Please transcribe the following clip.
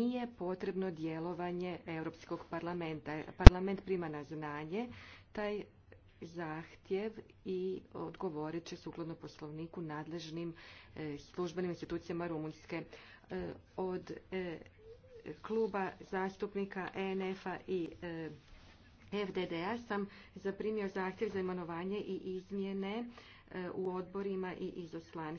nije potrebno djelovanje Europskog parlamenta. Parlament prima na znanje taj zahtjev i odgovorit će sukladno poslovniku nadležnim e, službenim institucijama Rumunjske. E, od e, kluba zastupnika ENF-a i FDD-a sam zaprimio zahtjev za imenovanje i izmjene u odborima i izoslanstvima.